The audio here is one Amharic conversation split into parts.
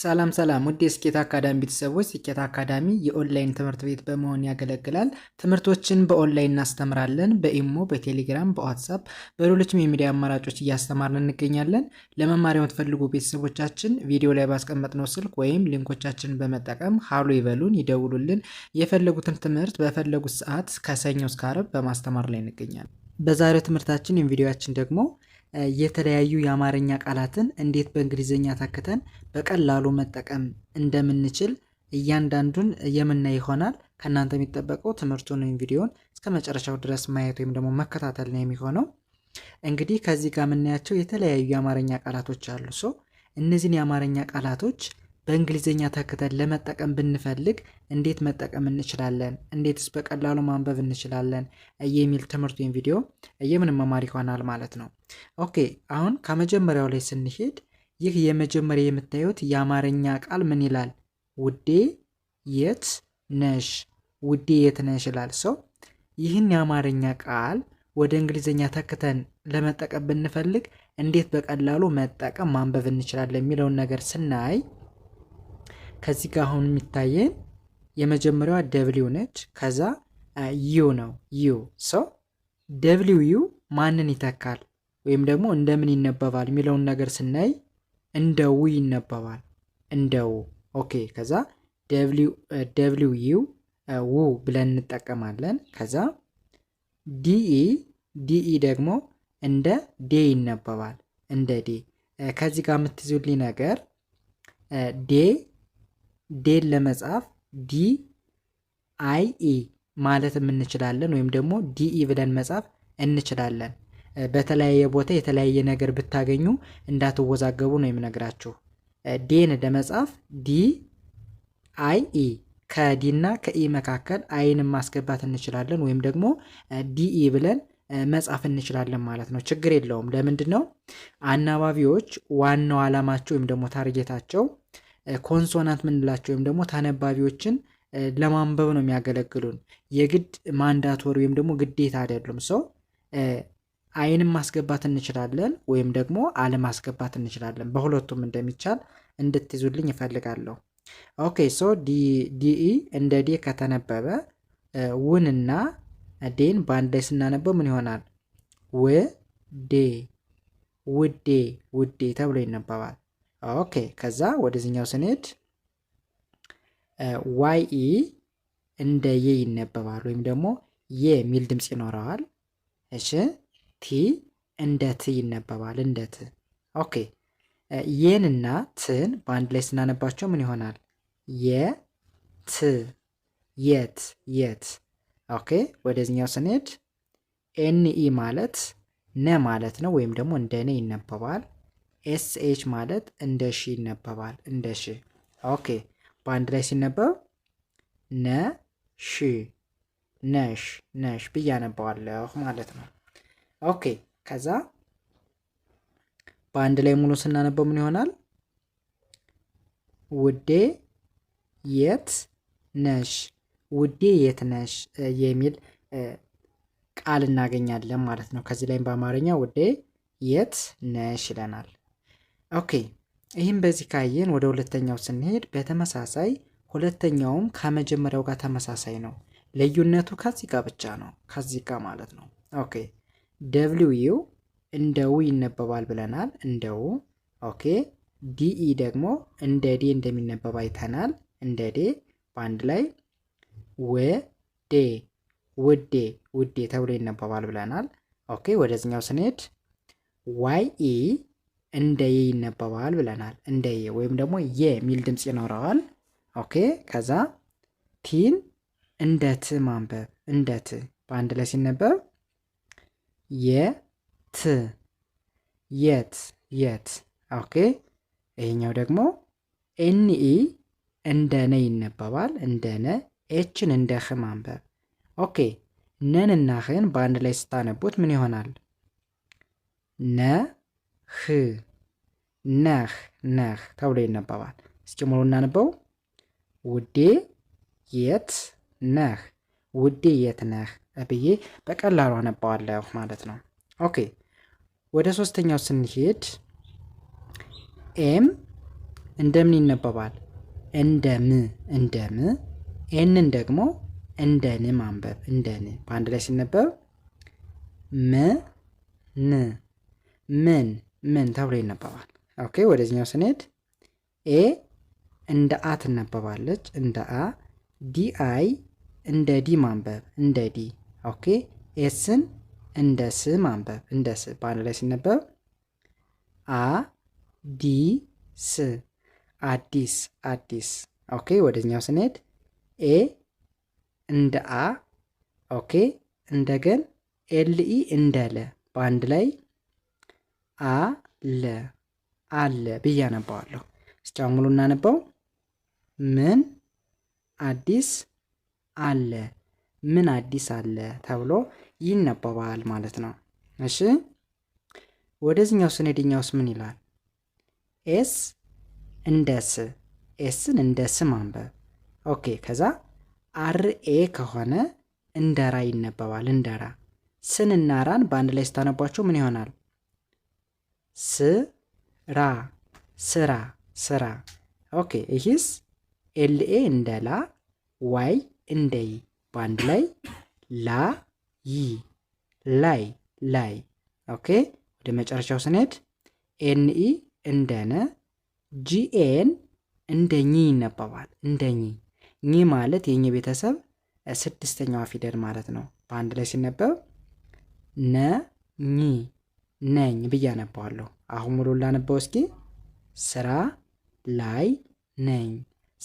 ሰላም ሰላም ውድ የስኬት አካዳሚ ቤተሰቦች፣ ስኬት አካዳሚ የኦንላይን ትምህርት ቤት በመሆን ያገለግላል። ትምህርቶችን በኦንላይን እናስተምራለን። በኢሞ፣ በቴሌግራም፣ በዋትሳፕ፣ በሌሎችም የሚዲያ አማራጮች እያስተማርን እንገኛለን። ለመማሪያ የምትፈልጉ ቤተሰቦቻችን ቪዲዮ ላይ ባስቀመጥነው ስልክ ወይም ሊንኮቻችንን በመጠቀም ሀሎ ይበሉን፣ ይደውሉልን። የፈለጉትን ትምህርት በፈለጉት ሰዓት ከሰኞ እስከ ዓርብ በማስተማር ላይ እንገኛለን። በዛሬው ትምህርታችን ወይም ቪዲዮያችን ደግሞ የተለያዩ የአማርኛ ቃላትን እንዴት በእንግሊዝኛ ታክተን በቀላሉ መጠቀም እንደምንችል እያንዳንዱን የምናይ ይሆናል። ከእናንተ የሚጠበቀው ትምህርቱን ወይም ቪዲዮን እስከ መጨረሻው ድረስ ማየት ወይም ደግሞ መከታተል ነው የሚሆነው። እንግዲህ ከዚህ ጋር የምናያቸው የተለያዩ የአማርኛ ቃላቶች አሉ። እነዚህን የአማርኛ ቃላቶች በእንግሊዝኛ ተክተን ለመጠቀም ብንፈልግ እንዴት መጠቀም እንችላለን፣ እንዴትስ በቀላሉ ማንበብ እንችላለን የሚል ትምህርት ወይም ቪዲዮ መማር ይሆናል ማለት ነው። ኦኬ አሁን ከመጀመሪያው ላይ ስንሄድ ይህ የመጀመሪያ የምታዩት የአማርኛ ቃል ምን ይላል? ውዴ የት ነሽ? ውዴ የት ነሽ ይላል ሰው። ይህን የአማርኛ ቃል ወደ እንግሊዝኛ ተክተን ለመጠቀም ብንፈልግ እንዴት በቀላሉ መጠቀም ማንበብ እንችላለን የሚለውን ነገር ስናይ ከዚህ ጋር አሁን የሚታየን የመጀመሪያዋ ደብሊው ነች። ከዛ ዩ ነው ዩ ሶ ደብሊው ዩ ማንን ይተካል ወይም ደግሞ እንደምን ይነበባል የሚለውን ነገር ስናይ እንደ ው ይነበባል። እንደ ው ኦኬ። ከዛ ደብሊው ዩ ው ብለን እንጠቀማለን። ከዛ ዲኢ ዲኢ ደግሞ እንደ ዴ ይነበባል። እንደ ዴ ከዚህ ጋር የምትይዙልኝ ነገር ዴ ዴን ለመጻፍ ዲ አይ ኢ ማለትም እንችላለን ወይም ደግሞ ዲኢ ብለን መጻፍ እንችላለን። በተለያየ ቦታ የተለያየ ነገር ብታገኙ እንዳትወዛገቡ ነው የምነግራችሁ። ዴን ለመጻፍ ዲ አይ ኢ ከዲና ከኢ መካከል አይን ማስገባት እንችላለን ወይም ደግሞ ዲኢ ብለን መጻፍ እንችላለን ማለት ነው። ችግር የለውም። ለምንድን ነው አናባቢዎች ዋናው ዓላማቸው ወይም ደግሞ ታርጌታቸው ኮንሶናንት ምንላቸው ወይም ደግሞ ተነባቢዎችን ለማንበብ ነው የሚያገለግሉን። የግድ ማንዳቶሪ ወይም ደግሞ ግዴታ አይደሉም። ሰው አይንም ማስገባት እንችላለን ወይም ደግሞ አለማስገባት እንችላለን። በሁለቱም እንደሚቻል እንድትይዙልኝ ይፈልጋለሁ። ኦኬ ሶ ዲኢ እንደ ዴ ከተነበበ ውንና ዴን በአንድ ላይ ስናነበው ምን ይሆናል? ውዴ ውዴ ውዴ ተብሎ ይነበባል። ኦኬ ከዛ ወደዚኛው ስንሄድ ዋይ ኢ እንደ የ ይነበባል፣ ወይም ደግሞ የ የሚል ድምፅ ይኖረዋል። እሺ ቲ እንደ ት ይነበባል፣ እንደ ት። ኦኬ የንና ትን በአንድ ላይ ስናነባቸው ምን ይሆናል? የ ት የት የት። ኦኬ ወደዚኛው ስንሄድ ኤን ኢ ማለት ነ ማለት ነው፣ ወይም ደግሞ እንደ ነ ይነበባል። ኤስ ኤች ማለት እንደ ሺ ይነበባል። እንደ ሺ ኦኬ። በአንድ ላይ ሲነበብ ነ ሺ ነሽ ነሽ ብዬ አነባዋለሁ ማለት ነው። ኦኬ። ከዛ በአንድ ላይ ሙሉ ስናነበው ምን ይሆናል? ውዴ የት ነሽ፣ ውዴ የት ነሽ የሚል ቃል እናገኛለን ማለት ነው። ከዚህ ላይም በአማርኛ ውዴ የት ነሽ ይለናል። ኦኬ ይህም በዚህ ካየን ወደ ሁለተኛው ስንሄድ በተመሳሳይ ሁለተኛውም ከመጀመሪያው ጋር ተመሳሳይ ነው። ልዩነቱ ከዚህ ጋር ብቻ ነው፣ ከዚህ ጋር ማለት ነው። ኦኬ ደብሊው እንደ ው ይነበባል ብለናል፣ እንደ ው። ኦኬ ዲኢ ደግሞ እንደ ዴ እንደሚነበብ አይተናል፣ እንደ ዴ። በአንድ ላይ ወዴ ውዴ ውዴ ተብሎ ይነበባል ብለናል። ኦኬ ወደዚኛው ስንሄድ ዋይ ኢ እንደ የ ይነበባል ብለናል። እንደየ ወይም ደግሞ የ የሚል ድምፅ ይኖረዋል። ኦኬ ከዛ ቲን እንደ ት ማንበብ እንደ ት በአንድ ላይ ሲነበብ የት የት የት። ኦኬ ይሄኛው ደግሞ ኤን ኢ እንደ ነ ይነበባል። እንደ ነ ኤችን እንደ ህ ማንበብ ኦኬ ነን እና ህን በአንድ ላይ ስታነቡት ምን ይሆናል? ነ ህ ነህ ነህ ተብሎ ይነበባል። እስኪ ሙሉ እናንበው። ውዴ የት ነህ? ውዴ የት ነህ ብዬ በቀላሉ አነባዋለሁ ማለት ነው። ኦኬ ወደ ሶስተኛው ስንሄድ ኤም እንደምን ይነበባል? እንደ ም እንደ ኤንን ደግሞ እንደ ን ማንበብ እንደ በአንድ ላይ ሲነበብ ም ን ምን ምን ተብሎ ይነበባል? ኦኬ ወደዚኛው ስንሄድ ኤ እንደ አ ትነበባለች። እንደ አ ዲ አይ እንደ ዲ ማንበብ እንደ ዲ። ኦኬ ኤስን እንደ ስ ማንበብ እንደ ስ። በአንድ ላይ ሲነበብ አ ዲ ስ አዲስ አዲስ። ኦኬ ወደዚኛው ስንሄድ ኤ እንደ አ ኦኬ እንደገን ኤልኢ እንደ ለ በአንድ ላይ አ ለ አለ ብዬ አነባዋለሁ። እስኪ አሁን ሙሉ እናነበው። ምን አዲስ አለ፣ ምን አዲስ አለ ተብሎ ይነበባል ማለት ነው። እሺ ወደዚህኛው ስንሄድኛውስ ምን ይላል? ኤስ እንደ ስ ኤስን እንደ ስ ማንበብ ኦኬ። ከዛ አር ኤ ከሆነ እንደራ ይነበባል። እንደራ ስንና ራን በአንድ ላይ ስታነቧቸው ምን ይሆናል? ስራ ስራ ስራ። ኦኬ ይህስ ኤልኤ እንደ ላ ዋይ እንደ ይ በአንድ ላይ ላ ይ ላይ ላይ። ኦኬ ወደ መጨረሻው ስንሄድ ኤንኢ እንደ ነ ጂኤን እንደ ኝ ይነበባል። እንደ ኝ ኝ ማለት የኝ ቤተሰብ ስድስተኛዋ ፊደል ማለት ነው። በአንድ ላይ ሲነበብ ነ ኝ ነኝ ብዬ አነባዋለሁ። አሁን ሙሉ ላነባው እስኪ። ስራ ላይ ነኝ፣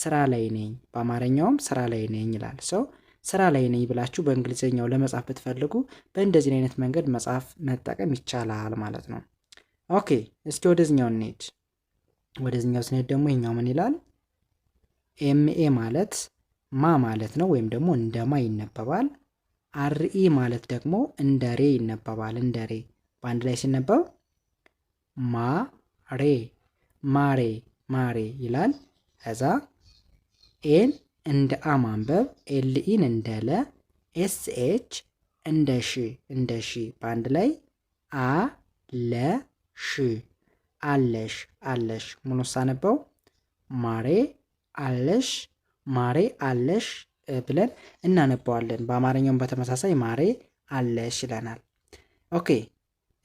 ስራ ላይ ነኝ። በአማርኛውም ስራ ላይ ነኝ ይላል ሰው። ስራ ላይ ነኝ ብላችሁ በእንግሊዝኛው ለመጻፍ ብትፈልጉ በእንደዚህ አይነት መንገድ መጻፍ መጠቀም ይቻላል ማለት ነው። ኦኬ እስኪ ወደዚኛው እንሄድ። ወደዚኛው ስንሄድ ደግሞ ይኛው ምን ይላል? ኤምኤ ማለት ማ ማለት ነው፣ ወይም ደግሞ እንደ ማ ይነበባል። አርኢ ማለት ደግሞ እንደ ሬ ይነበባል። እንደ ሬ በአንድ ላይ ሲነበብ ማሬ ማሬ ማሬ ይላል። ከዛ ኤን እንደ አ ማንበብ ኤልኢን እንደ ለ ኤስ ኤች እንደ ሺ እንደ ሺ በአንድ ላይ አ ለ ሺ አለሽ አለሽ ሙሉ ሳነበው ማሬ አለሽ ማሬ አለሽ ብለን እናነበዋለን። በአማርኛውም በተመሳሳይ ማሬ አለሽ ይለናል። ኦኬ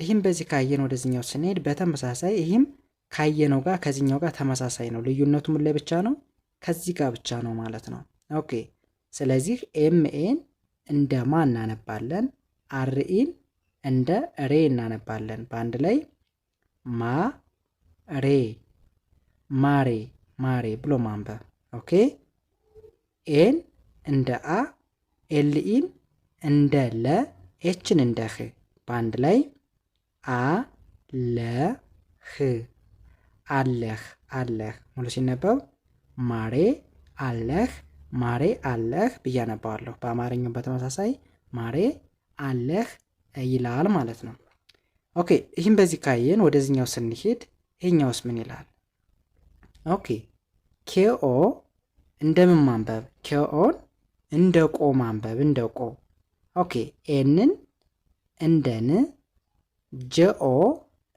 ይህም በዚህ ካየን ወደዚኛው ስንሄድ በተመሳሳይ ይህም ካየነው ጋር ከዚኛው ጋር ተመሳሳይ ነው። ልዩነቱ ምን ላይ ብቻ ነው? ከዚህ ጋር ብቻ ነው ማለት ነው። ኦኬ ስለዚህ ኤምኤን እንደ ማ እናነባለን፣ አርኢን እንደ ሬ እናነባለን። በአንድ ላይ ማ ሬ ማሬ ማሬ ብሎ ማንበብ። ኦኬ ኤን እንደ አ ኤልኢን እንደ ለ ኤችን እንደ ህ በአንድ ላይ አ አለህ አለህ ሙሉ ሲነበብ ማሬ አለህ ማሬ አለህ ብዬ አነባዋለሁ። በአማርኛው በተመሳሳይ ማሬ አለህ ይላል ማለት ነው። ኦኬ ይህም በዚህ ካየን ወደዚህኛው ስንሄድ ይህኛውስ ምን ይላል? ኦኬ ኬኦ እንደምን ማንበብ ኬኦን እንደ ቆ ማንበብ እንደ ቆ ኦኬ ኤንን እንደ ን ጀኦ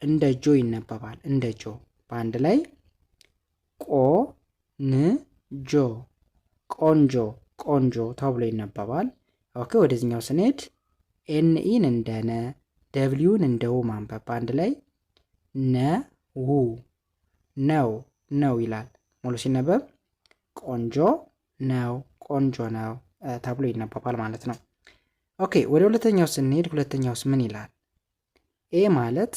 እንደ ጆ ይነበባል። እንደ ጆ በአንድ ላይ ቆ ን ጆ ቆንጆ ቆንጆ ተብሎ ይነበባል። ኦኬ ወደዚኛው ስንሄድ ኤንኢን እንደ ነ ደብሊውን እንደ ው ማንበብ በአንድ ላይ ነ ው ነው ነው ይላል። ሙሉ ሲነበብ ቆንጆ ነው ቆንጆ ነው ተብሎ ይነበባል ማለት ነው። ኦኬ ወደ ሁለተኛው ስንሄድ ሁለተኛውስ ምን ይላል? ኤ ማለት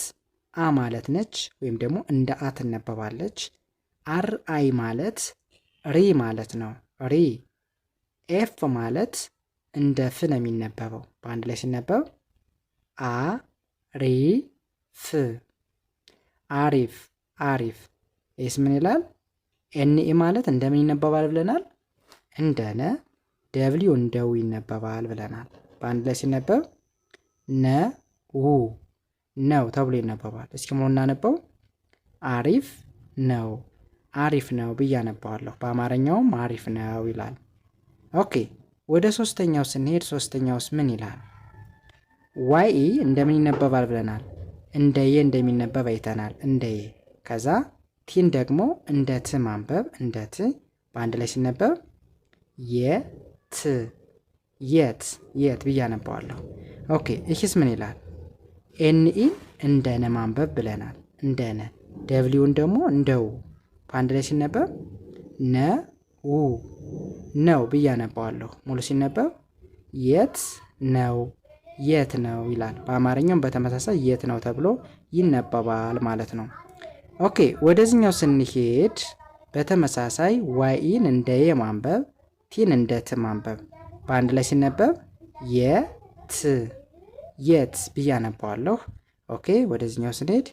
አ ማለት ነች ወይም ደግሞ እንደ አ ትነበባለች። አር አይ ማለት ሪ ማለት ነው። ሪ ኤፍ ማለት እንደ ፍ ነው የሚነበበው። በአንድ ላይ ሲነበብ አ ሪ ፍ አሪፍ አሪፍ። ኤስ ምን ይላል? ኤንኤ ማለት እንደምን ይነበባል ብለናል? እንደ ነ። ደብሊው እንደው ይነበባል ብለናል። በአንድ ላይ ሲነበብ ነ ው ነው ተብሎ ይነበባል። እስኪ ሞ እናነበው አሪፍ ነው አሪፍ ነው ብዬ አነባዋለሁ። በአማርኛውም አሪፍ ነው ይላል። ኦኬ ወደ ሶስተኛው ስንሄድ ሶስተኛውስ ምን ይላል? ዋይ ኢ እንደምን ይነበባል ብለናል። እንደ የ እንደሚነበብ አይተናል። እንደ የ ከዛ ቲን ደግሞ እንደ ት ማንበብ እንደ ት በአንድ ላይ ሲነበብ የት የት የት ብዬ አነባዋለሁ። ኦኬ ይህስ ምን ይላል? ኤንኢን እንደ ነ ማንበብ ብለናል። እንደ ነ ደብሊውን ደግሞ እንደው በአንድ ላይ ሲነበብ ነ ው ነው ብዬ አነባዋለሁ። ሙሉ ሲነበብ የት ነው የት ነው ይላል። በአማርኛውም በተመሳሳይ የት ነው ተብሎ ይነበባል ማለት ነው። ኦኬ ወደዚህኛው ስንሄድ በተመሳሳይ ዋኢን እንደ የ ማንበብ ቲን እንደ ት ማንበብ በአንድ ላይ ሲነበብ የት የት ብዬ አነባዋለሁ። ኦኬ ወደዚህኛው ስንሄድ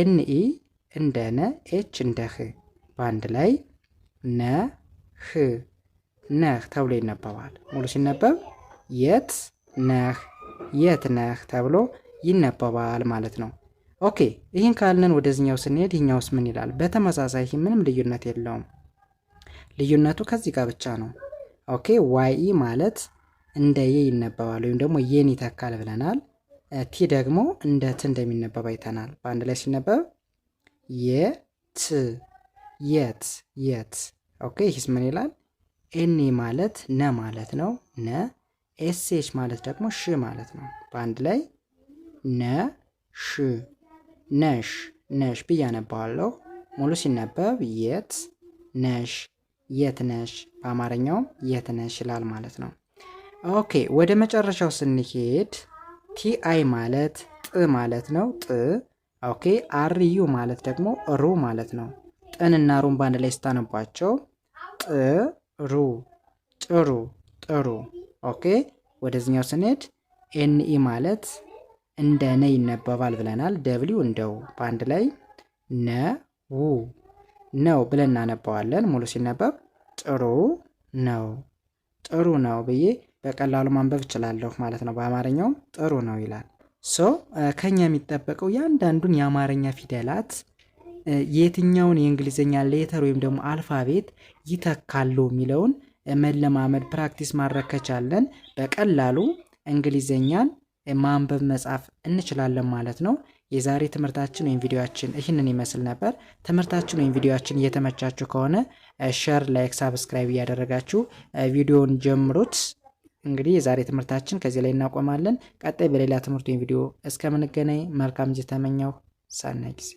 ኤንኢ እንደ ነ ኤች እንደ ህ በአንድ ላይ ነ ህ ነህ ተብሎ ይነበባል። ሙሉ ሲነበብ የት ነህ የት ነህ ተብሎ ይነበባል ማለት ነው። ኦኬ ይህን ካልንን ወደዚህኛው ስንሄድ ይህኛውስ ምን ይላል? በተመሳሳይ ይህ ምንም ልዩነት የለውም። ልዩነቱ ከዚህ ጋር ብቻ ነው። ኦኬ ዋይ ኢ ማለት እንደ የ ይነበባል ወይም ደግሞ የን ይተካል ብለናል። ቲ ደግሞ እንደ ት እንደሚነበብ አይተናል። በአንድ ላይ ሲነበብ የት የት የት። ኦኬ ይህስ ምን ይላል? ኤኔ ማለት ነ ማለት ነው ነ ኤስኤች ማለት ደግሞ ሽ ማለት ነው። በአንድ ላይ ነ ሽ ነሽ ነሽ ብዬ ሙሉ ሲነበብ የት ነሽ የት ነሽ፣ በአማርኛውም የት ነሽ ይላል ማለት ነው። ኦኬ ወደ መጨረሻው ስንሄድ ቲአይ ማለት ጥ ማለት ነው ጥ ኦኬ አርዩ ማለት ደግሞ ሩ ማለት ነው ጥንና ሩን በአንድ ላይ ስታነቧቸው ጥሩ ጥሩ ጥሩ ኦኬ ወደዚኛው ስንሄድ ኤንኢ ማለት እንደ ነ ይነበባል ብለናል ደብሊው እንደው በአንድ ላይ ነ ው ነው ብለን እናነባዋለን ሙሉ ሲነበብ ጥሩ ነው ጥሩ ነው ብዬ በቀላሉ ማንበብ እችላለሁ ማለት ነው። በአማርኛውም ጥሩ ነው ይላል። ሶ ከኛ የሚጠበቀው የአንዳንዱን የአማርኛ ፊደላት የትኛውን የእንግሊዝኛ ሌተር ወይም ደግሞ አልፋቤት ይተካሉ የሚለውን መለማመድ ፕራክቲስ ማድረግ ከቻለን በቀላሉ እንግሊዝኛን ማንበብ መጻፍ እንችላለን ማለት ነው። የዛሬ ትምህርታችን ወይም ቪዲዮችን ይህንን ይመስል ነበር። ትምህርታችን ወይም ቪዲዮችን እየተመቻችሁ ከሆነ ሸር፣ ላይክ፣ ሳብስክራይብ እያደረጋችሁ ቪዲዮውን ጀምሩት። እንግዲህ የዛሬ ትምህርታችን ከዚህ ላይ እናቆማለን። ቀጣይ በሌላ ትምህርት ወይም ቪዲዮ እስከምንገናኝ መልካም ጊዜ ተመኘሁ። ሳና ጊዜ